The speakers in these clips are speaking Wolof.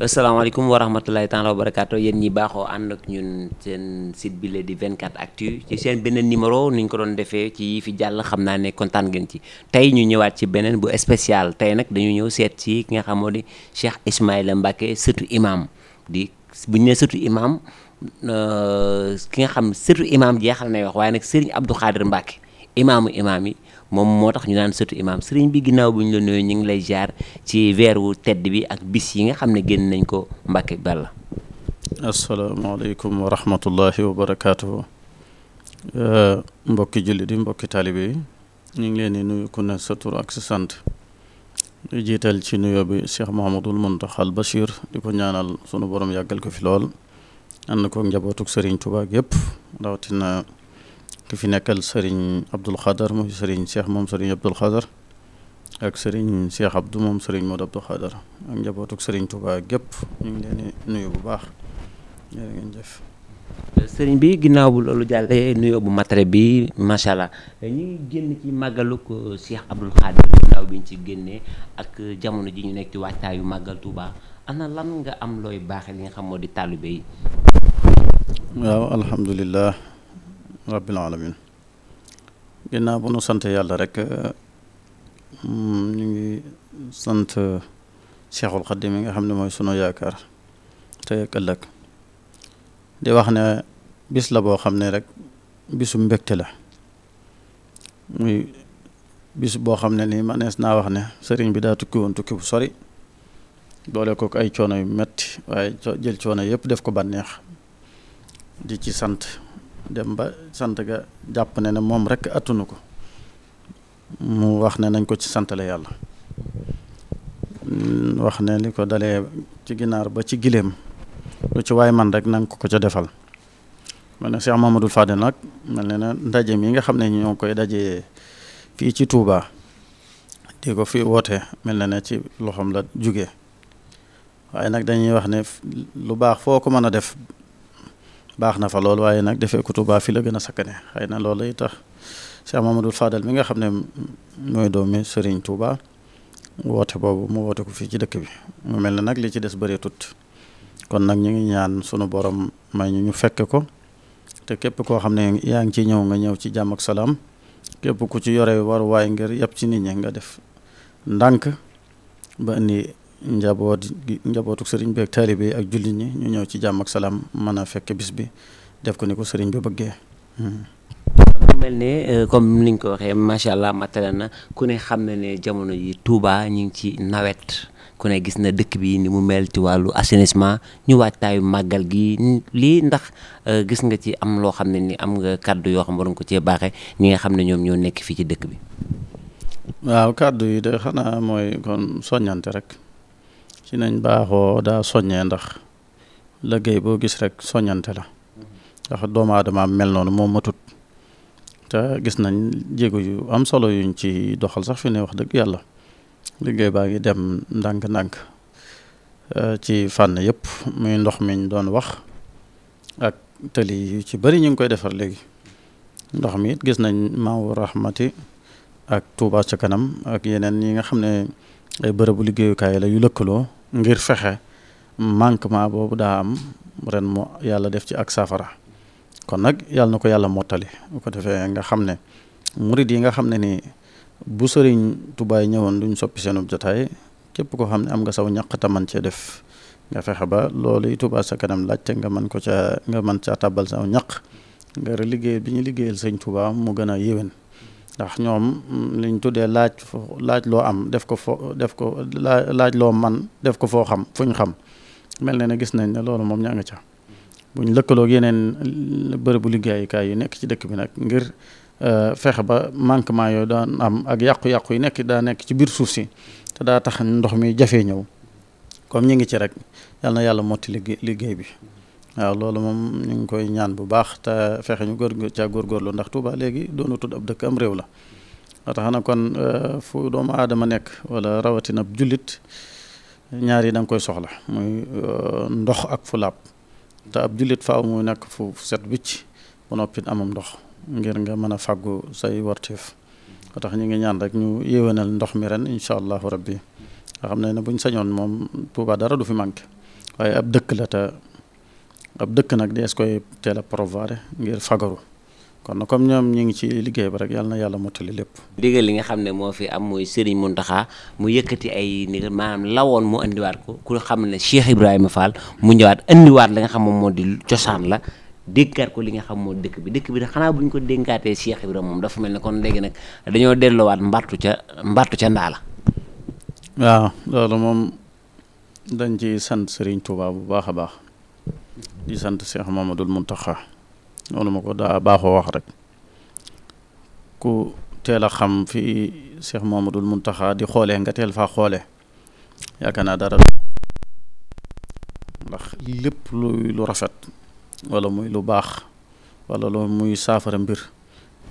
asalaamaaleykum wa rahmatulahi taala wa barakaatu yéen ñi baaxoo ànd ak ñun seen site bi la di 24 actu ci seen beneen numéro ni ñu ko doon defee ci yi fi jàll xam naa ne kontaan ngeen ci tey ñu ñëwaat ci beneen bu espécial tey nag dañu ñëw seet ci ki nga xamoo di Cheikh Ismaïla Mbacké sëtu imaam di bu ñu nee sëtu imam euh, ki nga xam sëtu imam jeexal na wax waaye nag Serigne Abdou Khadir Mbacké imaamu imaam yi moom moo tax ñu naan sëtu imaam sëriñ bi ginnaaw bu ñu la nuyoo ñu ngi lay jaar ci wu tedd bi ak bis yi nga xam ne génn nañ ko Mbàkke Balla asalaamaaleykum wa rahmatullahi wa barakaatu. Euh, mbokki jullit yi mbokki taalibe yi ñu ngi leen di nuyu ku ne sa tur ak sa sant di jiital ci nuyoo bi Cheikh Mouhamadul Mountakha al Bachir di ko ñaanal sunu boroom yàggal ko fi lool ànd ko njabootuk sëriñ Touba yépp rawatina. ki fi nekkal sëriñ Abdul Xadar mooy sëriñ seex moom sëriñ Abdul Xadar ak sëriñ Cheikh Abdou moom sëriñ Modou Abdul Xadar ak njabootuk sëriñ Touba gépp ñu ngi leen di nuyu bu baax jërë sëriñ bi ginnaaw bu loolu jàllee nuyoo bu matare bi macha allah ñu ngi génn ci màggaluk euh, Cheikh Abdoul Khadir ginnaaw bi ñu ci génnee ak euh, jamono ji ñu nekk ci waajtaayu màggal am na lan nga am looy baaxee li nga xam moo di taalibe yi. waaw alhamdulilah rabbil alamin ginnaaw bu nu sant yàlla rek euh, mm, ñu ngi sant euh, Cheikhul Xadim mi nga xam ne mooy sunu yaakaar tey ak ëllëg di wax ne bis la boo xam ne rek bisu mbégte la muy bis boo xam ne nii manees naa wax ne sëriñ bi daa tukki woon tukki bu sori boole kook ay coono yu metti waaye jël coono yëpp def ko bànneex di ci sant dem ba sant ga jàpp ne na moom rekk attunu ko mu wax ne nañ ko ci santale yàlla wax ne li ko dalee ci ginaar ba ci gileem lu ci waay man rek nanga ko ko ca defal ma ne Cheikh Mamadou Fadel nag mel ne na ndaje mi nga xam ne ñoo koy dajee fii ci tuubaa di ko fi woote mel na ne ci loxoom la jóge waaye nag dañuy wax ne lu baax foo ko mën a def baax na fa lool waaye nag defee ko Tuubaa fi la gën a sakkane xëy na loolu lay tax Cheikh Mamadou Fadal mi nga xam ne mooy doomi Serigne Touba woote boobu mu woote ko fii ci dëkk bi mu mel ne nag li ci des bëree tut kon nag ñu ngi ñaan sunu borom may ñu ñu ko te képp koo xam ne yaa ngi ciy ñëw nga ñëw ci jàmm ak salaam képp ku ci yore waruwaay ngir yàpp ci nit ñi nga def ndànk ba indi njaboot njabootuk sëriñ bi ak taalibe yi ak jullit ñi ñu ñëw ci jàmm ak salaam mën a fekk bis bi def ko ni ko sëriñ bi bëggee. mel ne euh, comme niñ ko waxee macha allah matale na ku ne xam na ne jamono yi Touba ñu ngi ci nawet ku ne gis na dëkk bi ni mu mel ci wàllu assainissement ñu waajtaayu màggal gi lii ndax euh, gis nga ci am loo xam ne ni am nga kàddu yoo xam waroon ko cee baaxee ñi nga xam ne ñoom ñoo nekk fii ci dëkk bi. waaw kàddu yi de xanaa mooy kon soññante rek. ci nañ baaxoo daa soññee ndax liggéey boo gis rek soññante la ndax doomu aadama mel noonu moom matut te gis nañ jéego yu am solo yuñ ci doxal sax fi ne wax dëgg yàlla liggéey baa ngi dem ndànk-ndànk eh, ci fànn yëpp muy ndox miñ doon wax ak tëli yu ci bari ñu ngi koy defar léegi ndox mi it gis nañ maawu rahmati ak Touba ca kanam ak yeneen yi nga xam ne ay bërëbu liggéeyukaay la yu lëkkaloo ngir fexe manquement boobu daa am ren moo yàlla def ci ak safara kon nag yàlla na ko yàlla mottali bu ko defee nga xam ne murit yi nga xam ne nii bu sëriñ tubaay ñëwoon duñ soppi seenub jotaay képp koo xam ne am nga saw ñaq te man cee def nga fexe ba loolu Touba sa kanam laajte nga mën ko ca nga mën caa tàbbal saw ñaq nga liggéey bi ñu liggéeyal sëñ tubaa mu gën a yéwén ndax ñoom mm, liñ tuddee laaj laaj loo am def ko foo def ko laaj loo man def ko foo xam fuñ xam mel na ne gis nañ ne loolu moom ña nga ca buñ lëkkaloo ak yeneen bërëbu liggéeyukaay yi nekk ci dëkk bi nag ngir euh, fexe ba manquement yooyu daan am ak yàqu-yàqu yi nekk daa nekk ci biir suuf si te daa tax ndox mi jafee ñëw comme ñi ngi ci rek yal na yàlla motti liggéey bi waaw loolu moom ñu ngi koy ñaan bu baax te fexe ñu góor caa góorgóorlu ndax Touba léegi doonu tudd ab dëkk am réew la tax na kon euh, fu doomu aadama nekk walla rawatina ab jullit ñaar yi da nga koy soxla muy euh, ndox ak fu laab te ab jullit faaw mu nekk fu set wicc bu noppi amam ndox ngir nga mën a fàggu say warteef ba tax ñu ngi ñaan rek ñu yéwénal ndox mi ren incha allahu rabbi nga xam ne ne buñ sañoon moom Touba dara du fi manqué waaye ab dëkk la te ab dëkk nag es koy teel a prévoir ngir fagaru kon na comme ñoom ñu ngi ci liggéey ba rek yàlla na yàlla mottali lépp. ndigal li nga xam ne moo fi am mooy Serigne Mountakha mu yëkkati ay ndigal maanaam lawoon mu andiwaat ko ku xam ne Cheikh Ibrahima Fall mu ñëwaat andiwaat xam moom moo di cosaan la. dénkaat li nga xam moo dëkk bi dëkk bi da xanaa bu ko dénkaatee Cheikh Ibrahima moom dafa mel ne kon léegi nag dañoo delloowaat mbartu ca mbartu ca ndaa la moom dañ ci sant Serigne Touba bu baax a baax di sant Cheikh Mamadou Mountakha noonu ma ko daa baaxoo wax rek ku teel a xam fi dul Mamadou Mountakha di xoolee nga teel faa xoole yaakaar naa dara ndax lépp luy lu rafet walla muy lu baax walla lu muy saafara mbir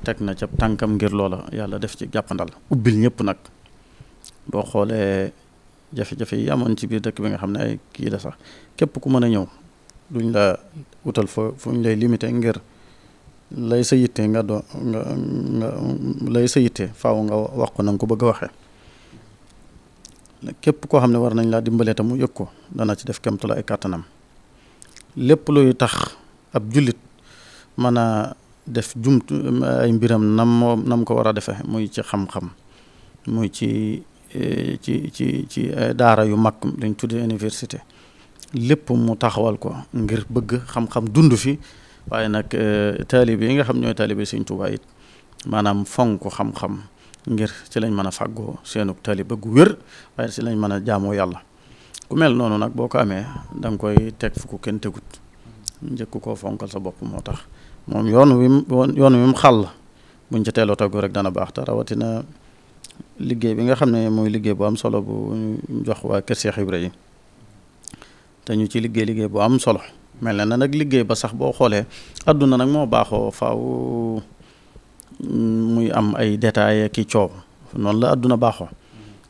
teg na ca tànkam ngir loola yàlla def ci jàppandal ubbil ñépp nag boo xoolee jafe-jafe yi amoon ci biir dëkk bi nga xam ne ay kii la sax képp ku mën a ñëw duñ la wutal fa fu ñu lay limité ngir lay sa yitte nga doo nga nga lay sa yitte faaw nga wax ko na ko bëgg a waxee képp koo xam ne war nañ laa dimbalee tamu yëg ko dana ci def kemtu la ay kàttanam lépp luy tax ab jullit mën a def jumtu ay mbiram nam nam ko war a defee muy ci xam-xam muy ci eh, ci ci ci eh, daara yu mag lañ tudde université lépp mu taxawal ko ngir bëgg xam-xam dund fi waaye nag euh, taalibe yi nga xam ñooy taalibe Sëñ Tuubaa it maanaam fonk xam-xam ngir ci lañ mën a fàggoo seenuk taalibe bëgg wér waaye ci lañ mën a jaamoo yàlla ku mel noonu nag boo ko amee danga koy teg fu ko kenn tegut njëkk koo fonkal sa bopp moo tax moom yoon wi mu yoon wi mu xàll buñ ci teeloo tegu rek dana baax te rawatina liggéey bi nga xam ne mooy liggéey bu am solo bu jox waa Kër Cheikh Ibrahima. dañu ñu ci liggéey liggéey bu am solo mel na nag liggéey ba sax boo xoolee àdduna nag moo baaxoo faaw mm, muy am ay détails ki coow noonu la adduna baaxoo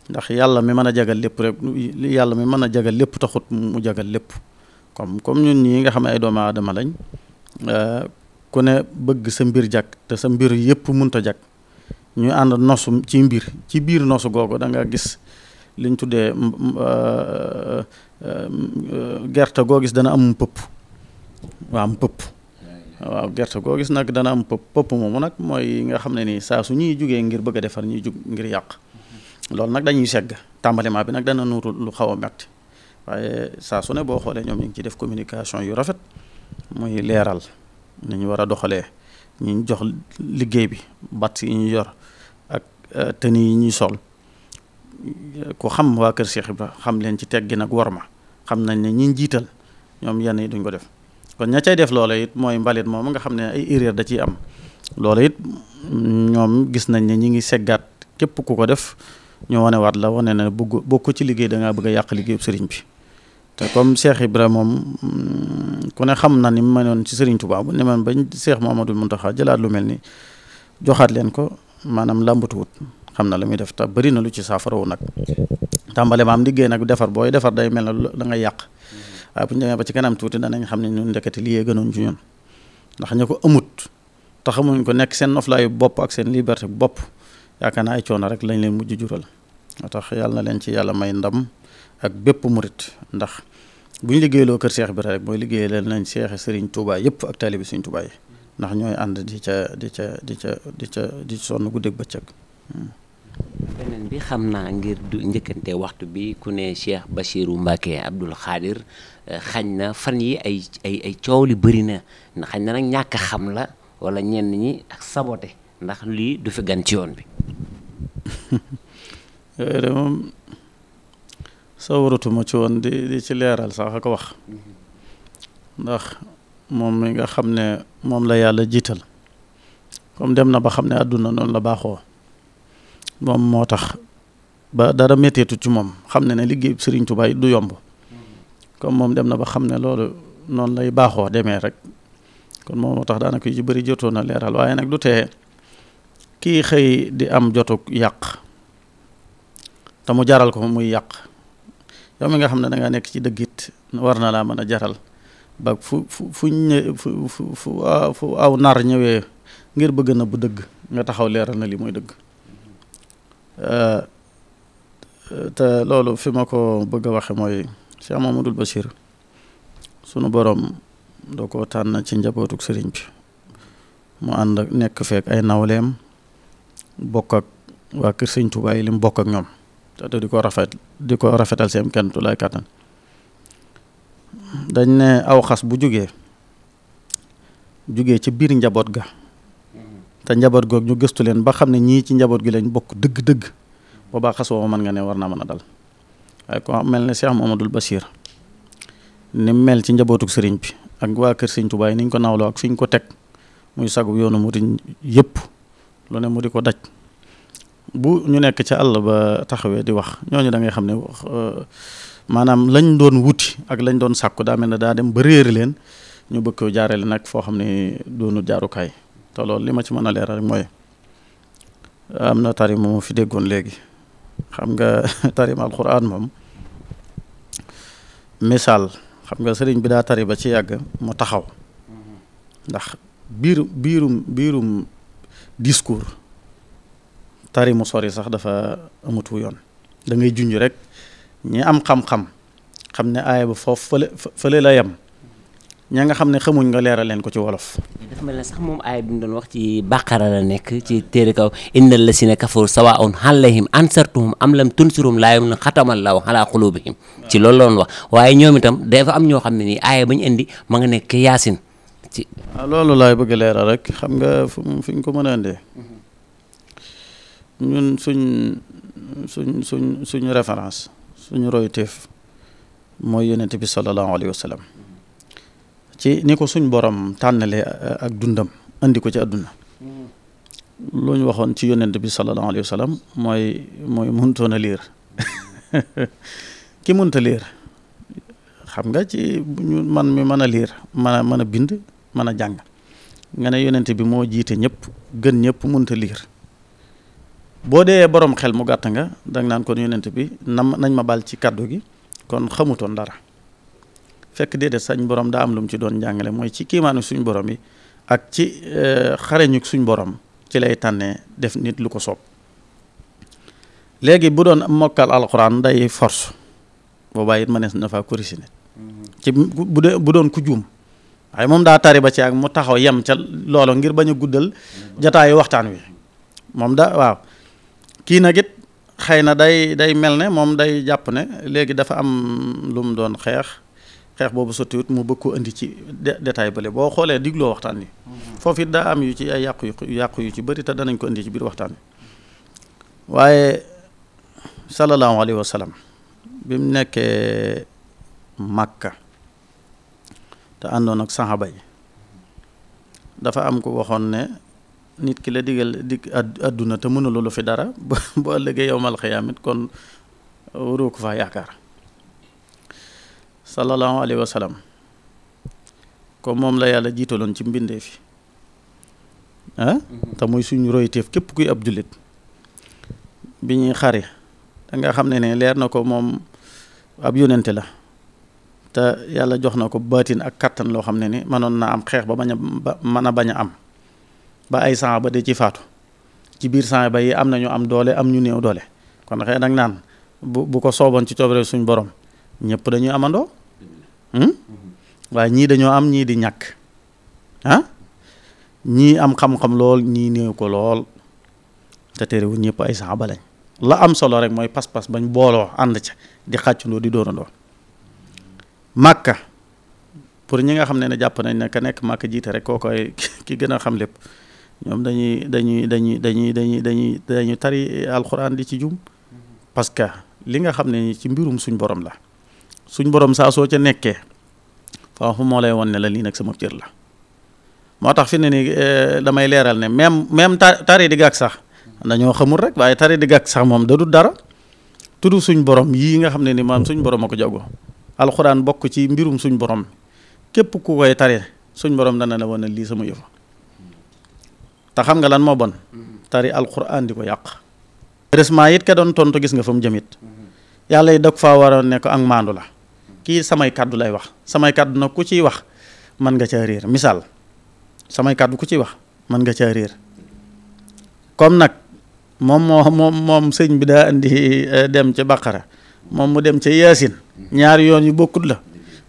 ndax yàlla mi mën a jagal lépp rek mën a jagal lépp taxut mu jagal lépp comme comme ñun ñi nga xam ne ay doomu aadama lañ euh, ku ne bëgg sa mbir jag te sa mbir yëpp munta jag ñu ànd nosu ci mbir ci biir nosu googu danga gis liñ tuddee euh, euh, euh, gerte goo gis dana am pëpp waaw am pëpp waaw gerte goo gis nag dana am pëpp pëpp moomu nag mooy nga xam ne nii saa su ñuy jugee ngir bëgg defar ñuy jug ngir yàq loolu nag dañuy segg tàmbaliment bi nag dana nuuru lu xaw a metti waaye saa su ne boo xoolee ñoom ñu ngi ciy def communication yu rafet muy leeral ni ñu war a doxalee ñu jox liggéey bi bat yi ñu yor ak tëni yi ñuy sol ku xam waa kër Cheikh Ibra xam leen ci nag ak ma xam nañ ne ñi jiital ñoom yenn yi duñ ko def kon ña cay def loola it mooy mbalit moom nga xam ne ay erreur da ciy am loola it ñoom gis nañ ne ñi ngi seggaat képp ku ko def ñu wane waat la wane ne bëgg ko ci liggéey da bëgg a yàq liggéeyu sëriñ bi te comme Cheikh Ibra moom mm, ku ne xam na ni mu mënoon ci sëriñ Tuubaa bu ne man bañ Cheikh mun Mountakha jëlaat lu mel ni joxaat leen ko maanaam làmbatuwut xam na la muy def te bëri na lu ci saafara nag tàmbale maam liggéey nag defar booy defar day mel na da ngay yàq waaye bu ñu ba ci kanam tuuti danañ xam ne ñun ndekete liyee gënoon ci ñun ndax ña ko amut te ko nekk seen noflaayu bopp ak seen liberté bopp yaakaar naa ay coono rek lañ leen mujj jural moo tax yàlla na leen ci yàlla may ndam ak bépp murit ndax bu ñu liggéeyloo kër Cheikh Ibra rek mooy liggéey leen nañ Cheikh Serigne Touba yëpp ak taalibi Serigne Touba ndax ñooy ànd di ca di ca di ca di ca di sonn guddeeg bëccëg hmm. beneen bi xam naa ngir du njëkkante waxtu bi ku ne Cheikh Bachirou Mbacké Abdoul Khadir eh, xañ na fan yi ay coow li bari na xañ na nag ñàkk xam la wala ñenn ñi ak saboté ndax lii du fi gan ci yoon bi. yooyu eh, de moom ci woon di ci leeral sax ak wax mm-hmm. ndax moom mi nga xam ne moom la yàlla jiital kom dem na ba xam ne àdduna noonu la baaxoo. moom moo tax ba dara metteetu ci moom xam ne ne liggéey Serigne Touba yi du yomb comme moom dem na ba xam ne loolu noonu lay baaxoo demee rek kon moom moo tax daanaka yu ci bari jotoon na leeral waaye nag du tee kii xëy di am jotug yàq te mu jaral ko muy yàq yow mi nga xam ne danga nekk ci dëggit war na laa mën a jaral ba fu fu fu fu fu aw nar ñëwee ngir bëgg na bu dëgg nga taxaw leeral na lii muy dëgg. Euh, te loolu fi ma ko bëgg a waxe mooy Cheikh Mamadou Bachir sunu boroom doo ko tànn ci njabootuk sëriñ bi mu ànd nekk feek ay nawleem bokk ak waa kër sëñ Tuubaa lim bokk ak ñoom te di ko rafet di ko rafetal seen kenn tu lay kàttan dañ ne aw xas bu jógee jógee ci biir njaboot ga te njaboot goog ñu gëstu leen ba xam ne ñii ci njaboot gi lañ bokk dëgg-dëgg boobaa xasoo mën nga ne war naa mën a dal waaye ko mel ne Cheikh Mamadou Bachir ni mel ci njabootuk sëriñ bi ak waa kër sëriñ Tuubaa yi ko nawloo ak fi ñu ko teg muy sagub yoonu murid yépp lu ne mu di ko daj bu ñu nekk ci àll ba taxawee di wax ñooñu dangay xam ne euh, maanaam lañ doon wuti ak lañ doon sàkku daa mel na daa dem ba réer leen ñu bëgg ko jaarale nag foo xam ne doonu jaarukaay te loolu li ma ci mën a leeral mooy am na tarima mu fi déggoon léegi xam nga tarima alquran moom misaal xam nga sëriñ bi daa tari ba ci yàgg mu taxaw ndax biiru biirum biirum discours tari mu sori sax dafa amatu yoon dangay ngay junj rek ñi am xam-xam xam ne aaya ba foofu fële fële la yem ña nga xam ne xamuñ nga leeral leen ko ci wolof. dafa mel ne sax moom aay bi mu doon wax ci bàqara la nekk ci téere kaw innal lasina kafaru sawaa'un alayhim ansartuhum am lam tunsirum laa yu'minuun xatamallaahu alaa quluubihim ci loolu loon waaye ñoom itam dafa am ñoo xam ne nii aaya ba ñu indi ma nga nekk yaasin ci. Ah, loolu laay bëgg leeral rek xam nga fu fi ñu ko mën a indee ñun suñ suñ suñ suñu référence suñu royteef mooy yonent bi sallallahu alayhi wa ci ni ko suñ borom tànnalee eh, ak dundam indi ko ci àdduna hmm. lu ñu waxoon ci yonent bi sallallahu alayhi wa sallam mooy mooy mënutoon a liir ki mënut liir xam nga ci ñu man mi mën a liir mën a mën a bind mën a jàng nga ne yonent bi moo jiite ñëpp gën ñëpp mënut a liir boo dee borom xel mu gàtt nga danga naan kon yonent bi nam nañ ma bal ci kàddu gi kon xamutoon dara fekk déedéet sañ borom daa am lu mu ci doon njàngale mooy ci kiimaanu suñ borom yi ak ci euh, xareñu suñ boroom ci lay tànnee def nit lu ko soob léegi bu doon mokkal alxuraan day force boobaa it mënees na faa korisi nit mm-hmm. ci bu dee bu doon ku juum waaye moom daa tari ba ci ak mu taxaw yem ca loolo ngir bañ a guddal jataayu waxtaan wi moom daa waaw kii nag it xëy na day day mel ne moom day jàpp ne léegi dafa am lu doon xeex xeex boobu sottiwut mu bëgg ko indi ci détail bële boo xoolee digloo waxtaan wi mm-hmm. foofu it daa am yu ci yàq yàqu yu yàqu yu ci bëri te danañ ko indi ci biir waxtaan wi waaye sallallahu alayhi wa bi mu nekkee màkka te àndoon ak saxaba yi dafa am ko waxoon ne nit ki la digal dig àdduna te mënuloo lu fi dara bu ëllëgee yowmal xiyaamit kon waroo ko faa yaakaar sallallahu alayhi wa sallam moom la yàlla jiitaloon ci mbindee fi ah mm-hmm. te muy suñu royteef képp kuy ab jullit bi ñuy xare da nga xam ne ne leer na ko moom ab yónente la te yàlla jox na ko baatin ak kàttan loo xam ne ni mënoon naa am xeex ba bañ a mën a bañ a am ba ay ba de ci faatu ci biir saaba yi am na ñu am doole am ñu néew doole kon xëy nag naan bu bu ko sooboon ci coobare suñ borom ñëpp dañuy amandoo Hmm? waaye ñii dañoo am ñii di ñakk ah ñii am xam-xam lool ñii néew ko lool te terewul ñëpp ay saxaaba la am solo rek mooy pas-pas bañ booloo ànd ca di xàccundoo di doorandoo màkka pour ñi nga xam ne ne jàpp nañ ne ka nekk màkka jiite rek koo koy ki gën a xam lépp ñoom dañuy dañuy dañuy dañuy dañuy dañuy dañuy tari alxuraan di ci jum parce que li nga xam ne ci mbirum suñ borom la suñ borom saa soo ca nekkee foofu moo lay won ne la lii nag sama cër la moo tax fi ne ni eh, damay leeral ne même même tari di gàkk sax dañoo xamul rek waaye tari di gàkk sax moom da du dara tudd suñ borom yii nga xam ne ni maam suñ borom a ko jago alxuraan bokk ci mbirum suñ borom képp ku koy tari suñ borom dana la won ne lii sama yëfa te xam nga lan moo bon tari alxuraan di ko yàq heureusement it ka doon tontu gis nga fa mu jëmit yàlla yi dag fa waroon ne ak maandu la kii samay kàddu lay wax samay kàddu nag ku ciy wax mën nga caa réer misaal samay kàddu ku ciy wax mën nga caa réer comme nag moom moo moom moom sëñ bi daa indi eh, dem ci bàqara moom mu dem ci yaasin ñaari yoon yu bokkut la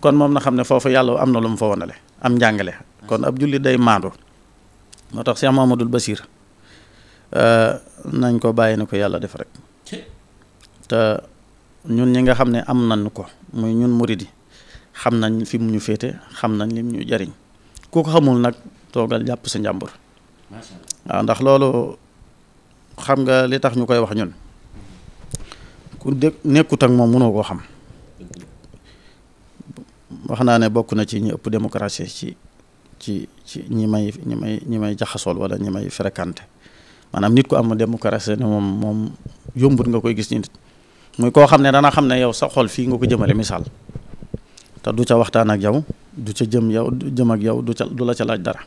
kon moom na xam ne foofu yàlla am na lu mu fa wonale am njàngale kon ab jullit day maandu moo tax Cheikh Mamadou Basir eh, nañ ko bàyyi na ko yàlla def rek te ñun ñi nga xam ne am nañ ko muy ñun murid yi xam nañ fi mu ñu féete xam nañ lim ñu jariñ ku xamul nag toogal jàpp sa njàmbur waaw ndax loolu xam nga li tax ñu koy wax ñun ku de nekkut ak moom mënoo koo xam wax naa ne bokk na ci ñi ëpp démocratie ci ci ci ñi may ñi may ñi may jaxasool wala ñi may fréquenté maanaam nit ko am démocratie ne moom moom yombut nga koy gis ñi nit muy koo xam ne dana xam ne yow sa xol fii nga ko jëmale misaal te du ca waxtaan ak yow du ca jëm yow jëm ak yow du ca du la ca laaj dara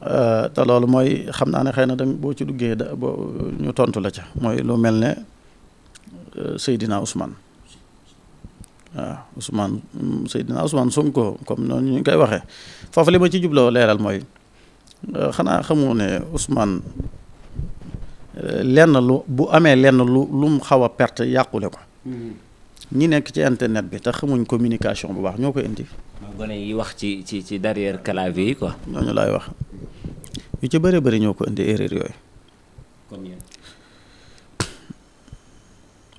euh, te loolu mooy xam naa ne xëy na tamit boo ci duggee da ñu tontu la ca mooy lu mel ne euh, Seydina Ousmane waaw Ousmane Seydina Ousmane Sonko comme noonu ñu koy waxee foofu li ma ci jubloo leeral mooy euh, xanaa xamu ne Ousmane. lenn lu bu amee lenn lu lu mu xaw a perte yàqule ko mhm. ñi nekk ci internet bi te xamuñ communication bu baax ñoo koy indi gone yi wax ci ci ci derrière clavier yi quoi ñooñu laay wax yu ci bëri bëri ñoo ko indi erreur yooyu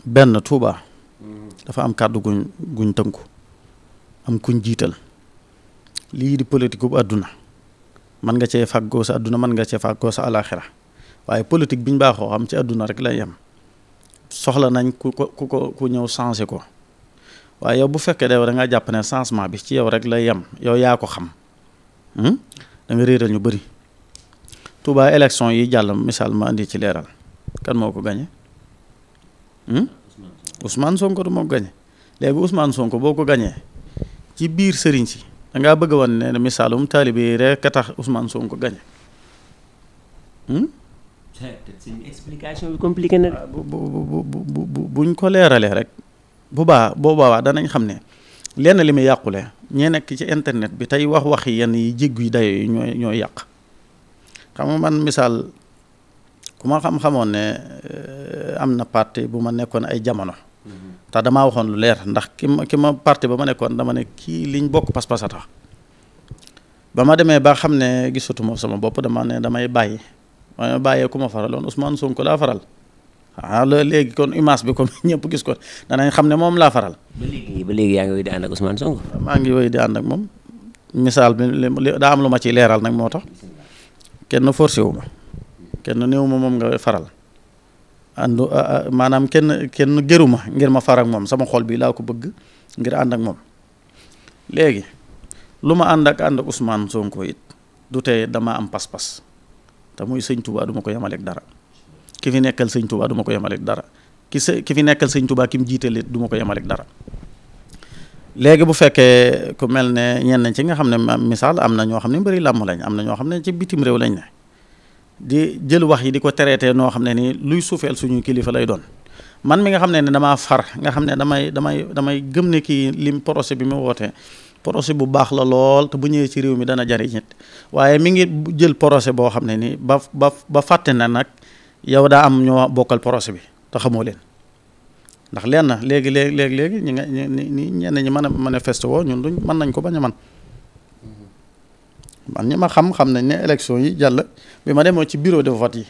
benn Touba mhm. dafa am kàddu guñ guñ tënku am kuñ jiital lii di politique bu àdduna mën nga cee fàggoo sa àdduna mën nga cee fàggoo sa àlaaxira waaye politique bi ñu baaxoo xam ci àdduna rek lay yem soxla nañ ku ko ku ko ku ñëw changé ko waaye yow bu fekkee da nga jàpp ne changement bi ci yow rek lay yem yow yaa ko xam hmm? danga nga réeral ñu bari Touba élection yi jàll misaal ma indi ci leeral kan moo ko gañe hmm? Ousmane Sonko du moo ko gañe léegi Ousmane Sonko boo ko gañee ci biir sëriñ si dangaa ngaa bëgg a wan ne misaalum taalibe rek a tax Ousmane Sonko gañe explication bi compliqué na de. Ah, bu bu bu bu buñ ko leeralee rek bu baa boobaa danañ xam ne lenn li muy yàqule ñee nekk ci internet bi tey wax waxi yenn yi jéggu dayo yi ñooy ñooy yàq xam nga man misaal ku ma xam-xamoon ne eh, am na parti bu ma nekkoon ay jamono. Mm-hmm. te damaa waxoon lu leer ndax ki ma ki ma parti ba ma nekkoon dama ne kii liñ bokk pas-pas a tax ba ma demee ba xam ne gisatuma sama bopp dama ne damay bàyyi. ma bàyyee ku ma faraloon Ousmane Sonko laa faral ah léegi kon image bi comme ñëpp gis ko danañ xam ne moom laa faral. ba léegi ba léegi yaa ngi wéy di maa ngi wéy di ànd ak moom misaal bi am lu ma ciy leeral nag moo tax kenn forcé wu ma kenn néew ma moom nga faral àndu maanaam kenn kenn gëru ma ngir ma far ak moom sama xol bi laa ko bëgg ngir ànd ak moom léegi lu ma ànd ak ànd ak Ousmane Sonko it du tey dama am pas-pas. te muy sëñ tubaa du ko yemaleek dara ki fi nekkal sëñ tubaa duma ko yemaleeg dara ki se ki fi nekkal sëñ tubaa ki mu jiitale du ma ko yemaleeg dara léegi bu fekkee ku mel ne ñenn ci nga xam ne misaal am na ñoo xam ne mbari làmm lañ am na ñoo xam ne ci bitim réew lañ ne di jël wax yi di ko traité noo xam ne nii luy suufeel suñuy kilifa lay doon man mi nga xam ne ne damaa far nga xam ne damay damay damay gëm ne kii lim procès bi mu woote projet bu baax la lool te bu ñëwee ci réew mi dana jariñ it waaye mi ngi jël projet boo xam ne ni ba ba ba fàtte na nag yow daa am ñoo bokkal projet bi te xamoo leen ndax leen na léegi léegi léegi léegi ñi nga ñi ñenn ñi mën a manifeste woo ñun duñ mën nañ ko ba a man man ñi ma xam xam nañ ne élection yi jàll bi ma demoo ci bureau de vote yi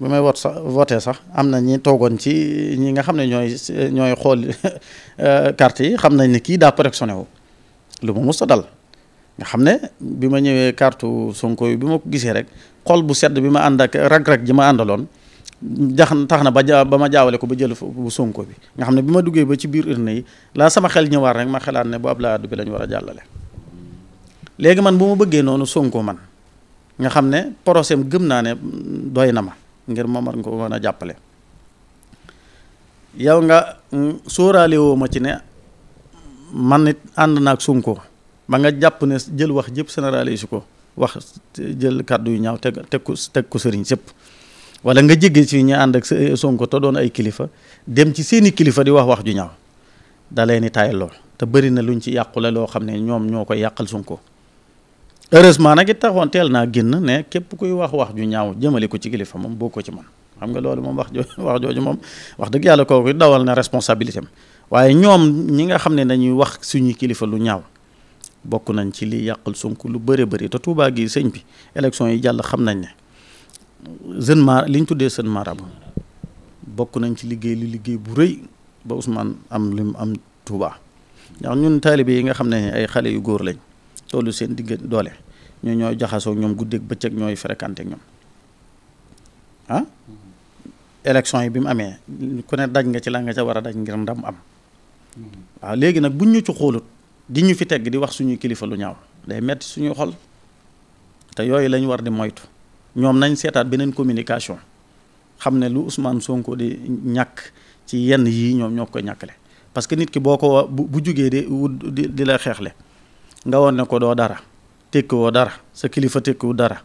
bi may vote sax voté sax am na ñi toogoon ci ñi nga xam ne ñooy ñooy xool euh, carte yi xam nañ ni kii daa perfectionné wu lu ma mës a dal nga xam ne bi ma ñëwee carte Sonko yi bi ma ko gisee rek xol bu sedd bi ma ànd ak rag-rag ji ma àndaloon jax tax na ba ja ba ma jaawale ko ba jël bu Sonko bi nga xam ne bi ma duggee ba ci biir na yi laa sama xel ñëwaat rek ma xelaat ne bu Abdoulaye Wade bi lañu war a jàllale léegi man bu ma bëggee noonu Sonko man nga xam ne procès gëm naa ne doy na ma ngir ma mën ko mën a jàppale yow nga mm, sóoraale ma ci ne man nit ànd naag Sonko ba nga jàpp ne jël wax jëpp généralise ko wax jël kàddu yu ñaaw teg teg ko teg ko sëriñ sëpp wala nga jéggi si ñu ànd ak eh, Sonko te doon ay kilifa dem ci seeni kilifa di wax wax ju ñaaw da leen ni taay lool te bëri na luñ ci yàqule loo xam ne ñoom ñoo koy yàqal Sonko heureusement nag it taxoon teel naa génn ne képp kuy wax wax ju ñaaw jëmale ko ci kilifa moom boo ko ci man xam nga loolu moom wax jo wax jooju moom wax dëgg yàlla kooku dawal na responsabilité am waaye ñoom ñi nga xam ne nañuy wax suñu kilifa lu ñaaw bokk nañ ci li yàqul Sonko lu bëri bëri te Touba gi sëñ bi élection yi jàll xam nañ ne jeune ma li ñu tuddee jeune marabu bokk nañ ci liggéey li liggéey bu rëy ba Ousmane am lim am Touba ndax ñun taalibe yi nga xam ne ay xale yu góor lañ tollu seen digg doole ñoo ñooy jaxasoo ñoom guddeeg bëccëg ñooy fréquenté ñoom ah yi bi mu amee ku ne daj nga ci la nga ca war a daj ngir ndam am waaw léegi nag buñ ñu ci xoolut di ñu fi tegg di wax suñuy kilifa lu ñaaw day metti suñuy xol te yooyu lañu war di moytu ñoom nañ seetaat beneen communication xam ne lu Ousmane Sonko di ñàkk ci yenn yii ñoom ñoo ko ñàkkale parce que nit ki boo ko bu jugee di wut di la xeexle nga woon ne ko doo dara tekki woo dara sa kilifa tekkiwu dara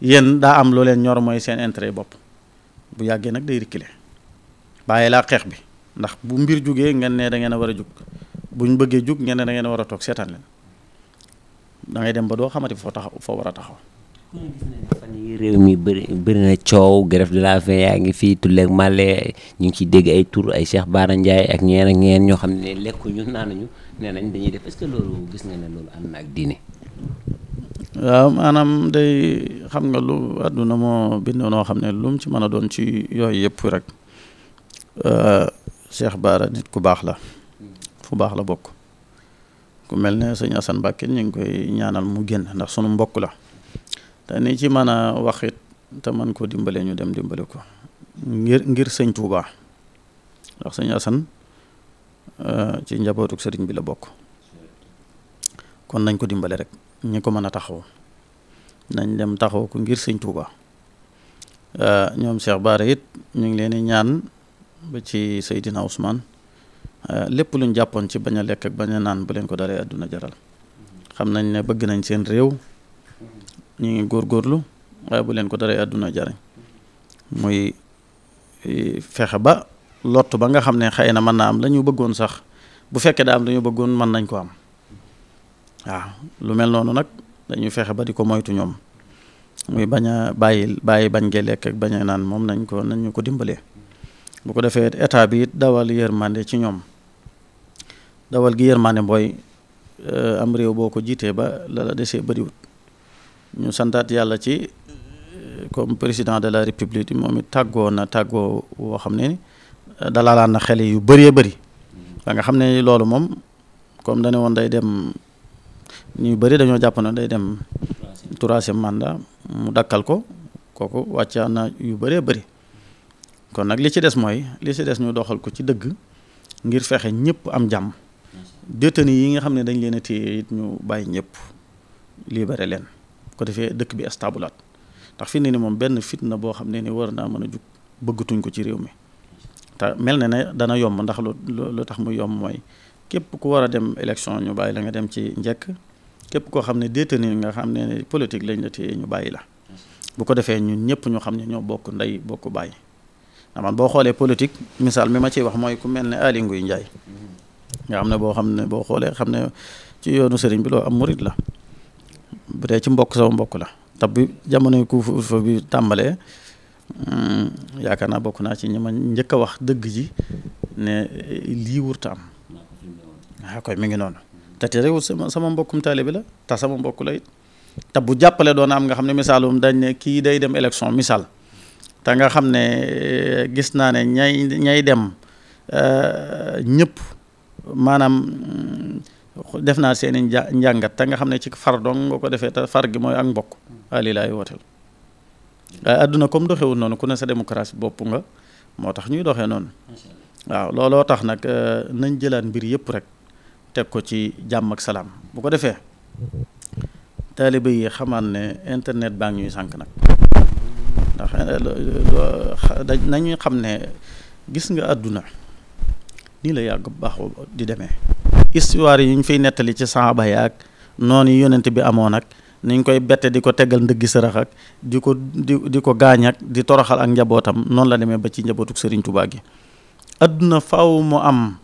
yéen daa am loo leen ñor mooy seen intérêt bopp bu yàggee nag day reculer bàyyi laa xeex bi ndax bu mbir jugee ngeen ne da ngeen a war a jug buñ bëggee jug ngeen ne da ngeen war a toog seetaan leen da ngay dem ba doo xamati foo taxaw foo war a taxaw. réew mi bëri bëri na coow grève yaa ngi fii tulleeg màlle ñu ngi ciy dégg ay ay Cheikh Bara Ndiaye ak ñeen ak ñeen ñoo xam ne lekkuñu naanuñu nee nañ dañuy def est que loolu gis nga ne loolu am na ak diine. waaw maanaam day xam nga lu àdduna moo bind xam ne lu mu ci mën a doon ci yooyu yëpp rek euh, Cheikh Baara nit ku baax la fu baax la bokk ku mel ne sëñ Assane Mbàkke ñu ngi koy ñaanal mu génn ndax sunu mbokk la te ni ci mën a waxit te man koo dimbale ñu dem dimbale ko ngir ngir sëñ Touba ndax sëñ Assane euh, ci njabootuk sëriñ bi la bokk kon nañ ko dimbale rek ñi ko mën a taxaw nañ dem taxaw ko ngir sëñ Touba euh, ñoom Cheikh Baara it ñu ngi leen ñaan ba ci Seydina Ousmane euh, lépp luñ jàppoon ci bañ a lekk ak bañ a naan bu leen ko daree àdduna jaral xam nañ ne bëgg nañ seen réew ñu ngi góorlu waaye bu leen ko daree àdduna jariñ muy e, fexe ba lott ba nga xam ne xëy na mën naa am la bëggoon sax bu fekkee daa am dañu bëggoon mën nañ ko am waaw lu mel noonu nag dañuy fexe ba di ko moytu ñoom muy bañ a bàyyi bàyyi bañ gee lekk ak bañ a naan moom nañ ko nañ ñu ko dimbalee bu ko defee état bi it dawal yërmande ci ñoom dawal gi yërmande mooy euh, am réew boo ko jiitee ba la la desee bëriwut ñu santaat yàlla ci euh, comme président de la république moom it tàggoo na tàggoo woo xam ne euh, dalaalaan na xel yu bëree bari ba nga xam ne loolu moom comme dañu woon day dem ñu bëri dañoo jàpp day dem troisième mandat mu dakkal ko kooku wàccaan yu bëree bari kon nag li ci des mooy li ci des ñu doxal ko ci dëgg ngir fexe ñëpp am jàmm détenu yi nga xam ne dañ leen a téye it ñu bàyyi ñëpp libéré leen ko defee dëkk bi stabulaat ndax fi ne ni moom benn fitna boo xam ne ni war naa mën a jug bëggatuñ ko ci réew mi te mel na ne dana yomb ndax lu lu tax mu yomb mooy képp ku war a dem élection ñu bàyyi la nga dem ci njëkk képp koo xam ne détenu nga xam ne politique lañ la téye ñu bàyyi la bu ko defee ñun ñëpp ñu xam ne ñoo bokk ndey bokk bàyyi man boo xoolee politique misaal mi ma ciy wax mooy ku mel ni Aly Ngouille Ndiaye nga xam ne boo xam ne boo xoolee xam ne ci yoonu sëriñ bi loo am murit la bu dee ci mbokk sama mbokk la tab bi jamono hmm, couvre-feu yaakaar naa bokk naa ci ñi ma njëkk a wax dëgg ji ne lii wurta am mi ngi noonu te terewul sama sama mbokkum taalibe la te sama mbokk la it bu jàppale doon am nga xam ne misaalum dañ ne kii day dem élection misaal te nga xam ne eh, gis naa ne ñay ñay dem eh, ñëpp maanaam mm, def naa seen i njàngat te nga xam ne ci far doo nga ko defee te far gi mooy ak mbokk ali laay wooteel waaye eh, àdduna comme doxewul noonu ku ne sa démocratie bopp nga moo tax ñuy doxee noonu waaw looloo tax nag nañ jëlaat mbir yëpp rek teg ko ci jàmm ak salaam bu ko defee taalibe yi xamaan ne internet baa ñuy sànq nag ndax dañ nañuy xam ne gis nga àdduna nii la yàgg baaxu di demee histoire yi ñu fiy nettali ci saaba yaak noonu yonent bi amoon ak niñ koy bette di ko teggal ndëggi sarax ak di ko di di ko gaañ di toroxal ak njabootam noonu la demee ba ci njabootuk Sëriñ Tuubaa gi àdduna faw mu am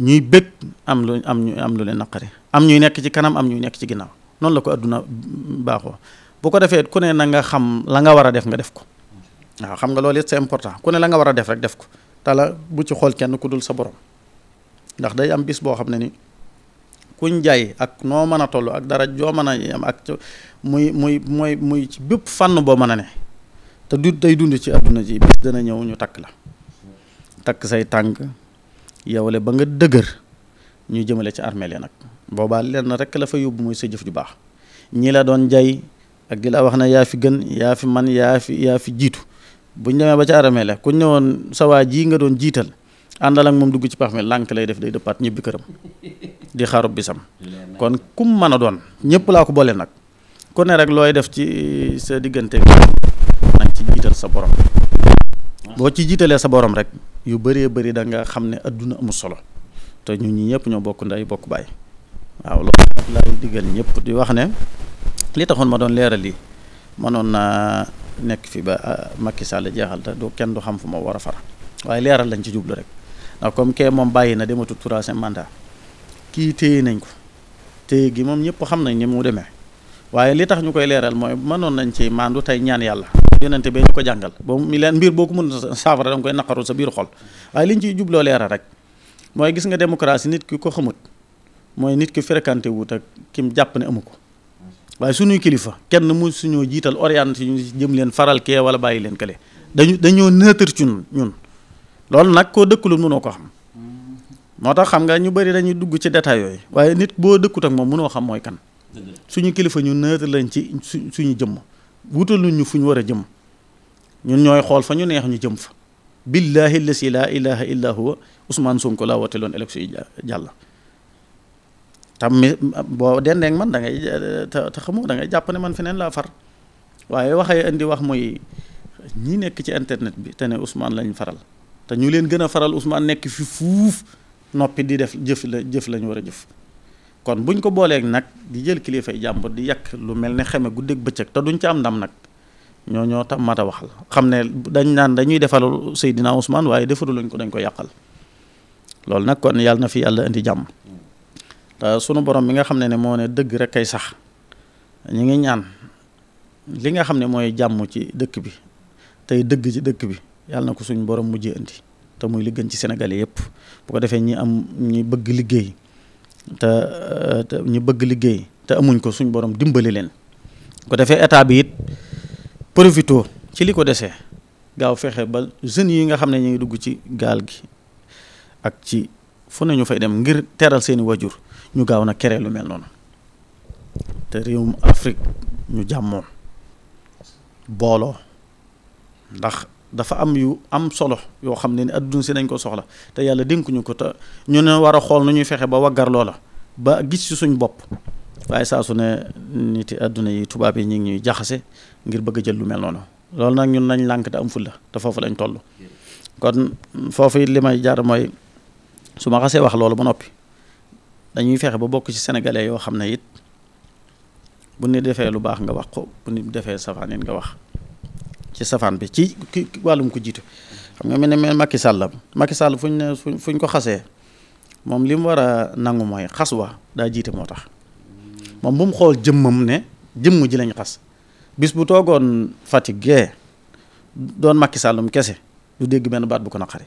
ñuy bëgg am lu am ñu am lu leen naqari am ñuy nekk ci kanam am ñuy nekk ci ginnaaw noonu la ko àdduna baaxoo bu ko defee ku ne na nga xam la nga war a def nga def ko waaw xam nga loolu it c'est important ku ne la nga war a def rek def ko tala bu ci xool kenn ku dul sa borom ndax day am bis boo xam ne ni kuñ njaay ak noo mën a toll ak dara joo mën a am ak muy muy muy muy ci bépp fànn boo mën a ne te du day dund ci adduna ji bis dana ñëw ñu takk la takk say tànk yow ba nga dëgër ñu jëmale ci armeel yi nag boobaa lenn rekk la fa yóbbu muy sa jëf ju baax ñi la doon jay ak di wax ne yaa fi gën yaa fi man yaa fi yaa fi jiitu buñ demee ba ca aramee la ku ñëwoon sa waa ji nga doon jiital àndal ak moom dugg ci pax mi lànk lay def day dëppaat ñibbi këram di xarub bisam kon kum mën a doon ñëpp laa ko boole nag ku ne rek looy def ci uh, sa diggante nag ci jiital sa borom boo ci jiitalee sa borom rek yu bëree bëri da nga xam ne adduna amu solo te ñun ñi ñëpp ñoo bokk nday bokk baay waaw loolu laay diggal ñëpp di wax ne li taxoon ma doon leeral lii mënoon na nekk fi ba ah, Macky Sall jeexal te du kenn du xam fu ma war a far waaye leeral lañ ci jublu rek ndax comme kee moom bàyyi na dematul troisième mandat kii téye nañ ko téye gi moom ñëpp xam nañ ni mu demee waaye li tax ñu koy leeral mooy mënoon nañ ci maandu tey ñaan yàlla yonente ba ñu ko jàngal ba mi leen mbir boo ko mën saafara danga koy naqaru sa biir xol waaye ñu ciy jubloo leeral rek mooy gis nga démocratie nit ki ko xamut mooy nit ki fréquenté wut ak jàpp ne amu ko waaye suñuy kilifa kenn mu suñoo jiital orienté ñu jëm leen faral kee wala bàyyi leen kële dañu dañoo neutre ci ñun loolu nag koo dëkkul mënoo ko xam moo tax xam nga ñu bari dañuy dugg ci détail yooyu waaye nit boo dëkkut ak moom mënoo xam mooy kan suñu kilifa ñu neutre lañ ci su suñu jëmm wutal ñu fu ñu war a jëm ñun ñooy xool fa ñu neex ñu jëm fa billahi lasi la ilaha illa huwa Ousmane Sonko laa woote loon élection yi jàlla tam mi boo dendeeg man da ngay te xamu dangay jàpp ne man feneen laa far waaye waxee indi wax mooy ñi nekk ci internet bi te ne Ousmane lañ faral te ñu leen gën a faral Ousmane nekk fi fuuf noppi di def jëf la jëf lañ war a jëf kon buñ ko booleeg nag di jël kilifay jàmbur di yàq lu mel ne xeme guddeeg bëccëg te duñ ci am ndam nag ñoo ñoo tam mat a waxal xam ne dañ naan dañuy defaral dinaa Ousmane waaye defaru lañ ko dañ ko yàqal loolu nag kon yàlla na fi yàlla indi jàmm te sunu borom mi nga xam ne ne moo ne dëgg rek kay sax ñu ngi ñaan li nga xam ne mooy jàmm ci dëkk bi tey dëgg ci dëkk bi yàlla na ko suñu borom mujjee indi te muy li gën ci Sénégal yëpp bu ko defee ñi am ñi bëgg liggéey euh, te ñi bëgg liggéey te amuñ ko suñu borom dimbali leen ko defee état bi it profito ci li ko desee gaaw fexe ba jeunes yi nga xam ne ñu ngi dugg ci gaal gi ak ci fu nañu fay dem ngir teral seeni wajur ñu gaaw na créer lu mel noonu te réewum Afrique ñu jàmmoo booloo ndax dafa am yu am solo yoo xam ne ni adduna si nañ ko soxla te yàlla dénkuñu ko ñu ne war a xool nu ñuy fexe ba waggar loola ba gis ci suñ bopp waaye saa ne niti adduna yi tubaab yi ñu ñuy jaxase ngir bëgg jël lu mel noonu loolu nag ñun nañ lànk te am la te foofu lañ toll kon foofu it li may jaar mooy su ma xasee wax loolu ba noppi dañuy fexe ba bokk ci sénégalais yoo xam ne it bu nit defee lu baax nga wax ko bu nit defee safaan it nga wax ci safaan bi ci wàllum ko jiitu xam nga mel ne mel Macky Sall Macky Sall fuñ ne fuñ ko xasee moom li mu war a nangu mooy xas wa daa jiite moo tax moom bu xool jëmmam ne jëmm ji lañ xas bis bu toogoon Fatick gee doon Macky sàllum kese du dégg benn baat bu ko naqare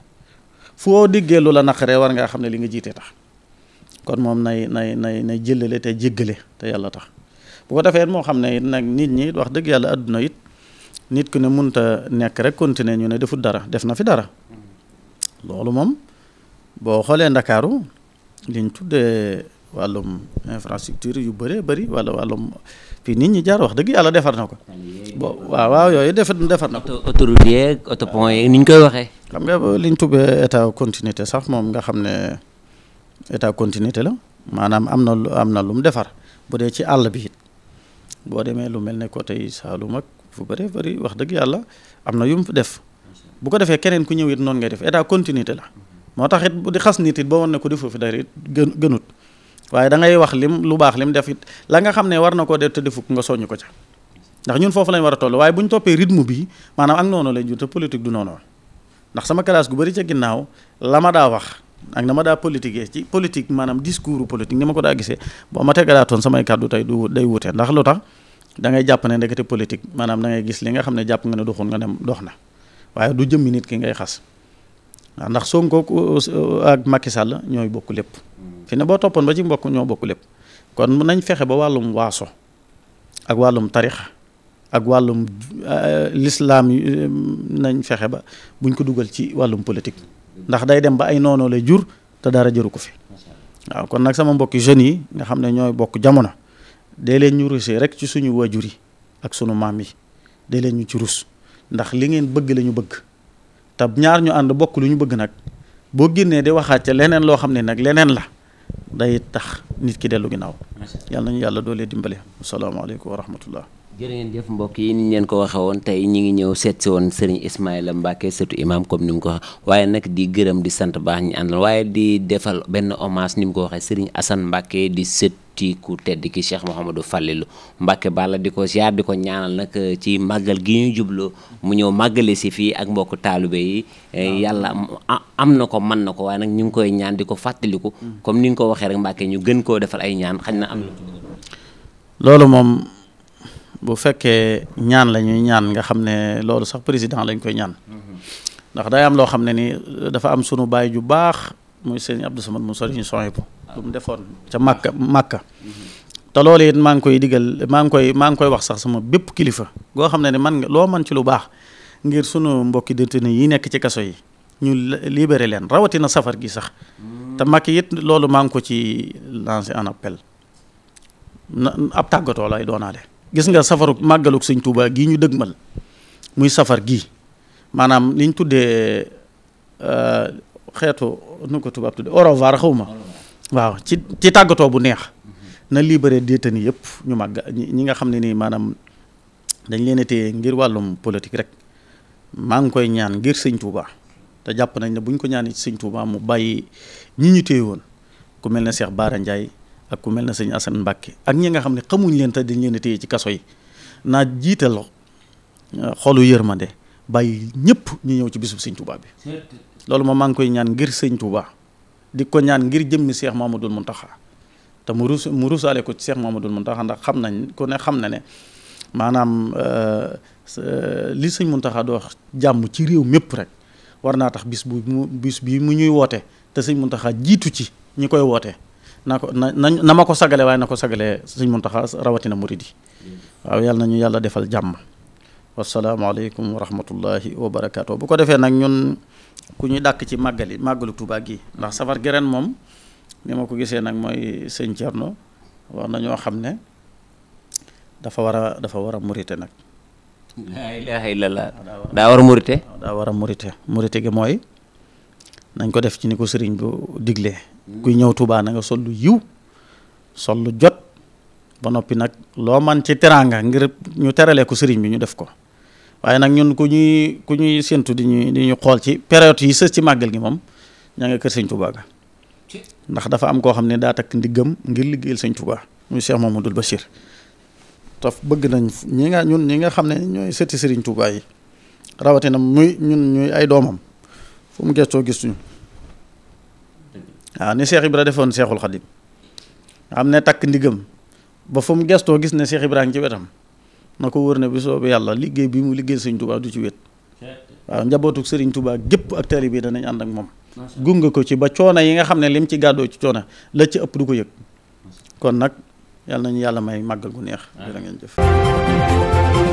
foo déggee lu la naqaree war ngaa xam ne li nga jiitee tax kon moom nay nay nay nay jëlale te jéggale te yàlla tax boo ko defee moo xam ne nag nit ñi wax dëgg yàlla àdduna it nit ku ne ta nekk rek continuer ñu ne defut dara def na fi dara loolu moom boo xoolee ndakaaru liñ tuddee wàllum infrastructure yu bëree bëri wala wàllum fii nit jaar wax dëgg yàlla defar na ko bo waaw waaw yooyu defar defar na ko autoroute yeeg autopont yeeg ni ñu koy sax moom nga xam ne état continuité la maanaam am na lu am na lu mu defar bu dee ci àll bi it boo demee lu mel ne côté yi Saalum ak fu bëree bëri wax dëgg yàlla am na yu mu def bu ko defee keneen ku ñëw it noonu ngay def etaa continuité la moo tax it bu di xas nit it boo woon ne ko def foofu dara it gën gënut waaye da ngay wax lim lu baax lim def it la nga xam ne war na koo def te defuk nga soññ ko ca ndax ñun foofu lañ war a toll waaye bu ñu toppee rythme bi maanaam ak noonu lay jur politique du noonu ndax sama classe ca ginnaaw la ak na ma daa politiquer ci politique maanaam discours politique ni ma ko daa gisee boo ma tegalaatoon samay kàddu tey du day wute ndax lu tax da ngay jàpp ne ndekete politique maanaam dangay gis li nga xam ne jàpp nga ne doxul nga dem dox na waaye du jëmmi nit ki ngay xas waaw ndax Sonko euh, ak Macky sàll ñooy bokk lépp fi ne boo toppoon ba ci mbokk ñoo bokk lépp kon nañ fexe ba wàllum waaso ak wàllum tarixa ak wàllum euh, lislaam euh, nañ fexe ba buñ ko dugal ci wàllum politique ndax day dem ba ay noonoo lay jur te dara jëru ko fi waaw kon nag sama mbokki jeunes yi nga xam ne ñooy bokk jamono dee leen ñu rusé rek ci suñu waajur yi ak suñu maam yi dee ñu ci rus ndax li ngeen bëgg lañu bëgg te ñaar ñu ànd bokk lu ñu bëgg nag boo génnee di waxaat ca leneen loo xam ne nag leneen la day tax nit ki dellu ginnaaw yàlla nañu yàlla doolee dimbale asalaamaaleykum wa rahmatullah jërë ngeen jëf mbokk yi ni ñu ko waxee woon tey ñi ngi ñëw seet si woon Serigne la Mbacke sëtu imam comme ni mu ko waxee waaye nag di gërëm di sant baax ñi àndal waaye di defal benn hommage ni mu ko waxee Serigne Assane Mbacke di sët ci ku tedd ki Cheikh Mouhamadou Fallilou Mbacke Balla di ko ziar di ko ñaanal nag eh, ci màggal gi ñuy jubloo mu ñëw màggale si fii ak mbokk taalibe yi eh, yàlla am am na ko mën na ko waaye nag ñu ngi koy ñaan di ko fàttaliku mm. comme ni nga ko waxee rek Mbacke ñu gën koo defal ay ñaan xañ na am na loolu moom bu fekkee ñaan la ñuy ñaan nga xam ne loolu sax président lañ koy ñaan ndax day am loo xam ne ni dafa am sunu baay ju baax muy sëñ Abdou Samad mu sori ñu sony bu mu defoon te loolu it maa koy digal maa ngi koy maa ngi koy wax sax sama bépp kilifa goo xam ne ne man nga loo man ci lu baax ngir sunu mbokki détenu yi nekk ci kaso yi ñu libéré leen rawatina safar gi sax te Màkka it loolu maa ngi ko ci lancé en appel na ab tàggatoo lay doonaale gis nga safaru màggaluk sëñ Touba gii ñu dëgmal muy safar gi maanaam liñ tuddee euh, xeetu nu ko tubaab tuddee orovaar xaw ma waaw ci ci tàggatoo bu neex na libéré détenu yëpp ñu màgg ñi nga xam ne nii maanaam dañ leen a téye ngir wàllum politique rek maa ngi koy ñaan ngir sëñ Touba te jàpp nañ ne buñ ko ñaanee ci sëñ Touba mu bàyyi ñi ñu téye woon ku mel ne Cheikh Bara Ndiaye ak ku mel ne sëñ Assane Mbacke ak ñi nga xam ne xamuñ leen te dañ leen a téye ci kaso yi naa jiite jiital euh, xolu de bàyyi ñëpp ñu ñëw ci bisu sëñ Touba bi. loolu moom maa ngi koy ñaan ngir sëñ Touba di ko ñaan ngir jëmmi Cheikh Mamadou Mountakha te mu rus mu rusaale ko ci Cheikh Mamadou Mountakha ndax xam nañ ku ne xam na ne maanaam euh, li sëñ mun Mountakha doo wax jàmm ci réew mépp rek war naa tax bis bu bis bii mu ñuy woote te sëñ Mountakha jiitu ci ñi koy woote. na ko na na ma ko sagale waaye na ko sagale suñ Muntaxa rawatina murid yi waaw yàlla nañu yàlla defal jàmm wasalaamaaleykum wa rahmatullahi wa bu ko defee nag ñun ku ñuy dàkk ci màggali màggalu Tuubaa gi ndax safar geren moom ni ma ko gisee nag mooy sëñ Cerno war na ñoo xam ne dafa war a dafa war a murite nag laa ilaaha illallah daa war a murite war a murite murite gi mooy nañ ko def ci ni ko sëriñ bu digle kuy ñëw Touba na nga sol lu yiw sol lu jot ba noppi nag loo man ci teraanga ngir ñu teralee ko sëriñ bi ñu def ko waaye nag ñun ku ñuy ku ñuy séntu di ñuy di xool ci période yi sës ci màggal gi moom ñaa nga kër sëñ Touba ga ndax dafa am koo xam ne daa takk ndiggam ngir liggéeyal sëñ Touba muy Cheikh Mamadou Bachir taf bëgg nañ ñi nga ñun ñi nga xam ne ñooy sëti sëriñ Touba yi rawatina muy ñun ñuy ay doomam fu mu gëstoo gis ñu waaw ni Cheikh Ibra defoon Cheikhul Khadim xam ne takk ndigam ba fu mu gestoo gis ne Cheikh Ibra ngi ci wetam na ko wër ne bi soo bi yàlla liggéey bi mu liggéey Sëriñ tubaa du ci wet waaw njabootuk Sëriñ Tuubaa gépp ak taalibe bii danañ ànd ak moom gunge ko ci ba coono yi nga xam ne lim ci gàddoo ci coono la ci ëpp du ko yëg kon nag yàlla nañu yàlla may màggal gu neex jërë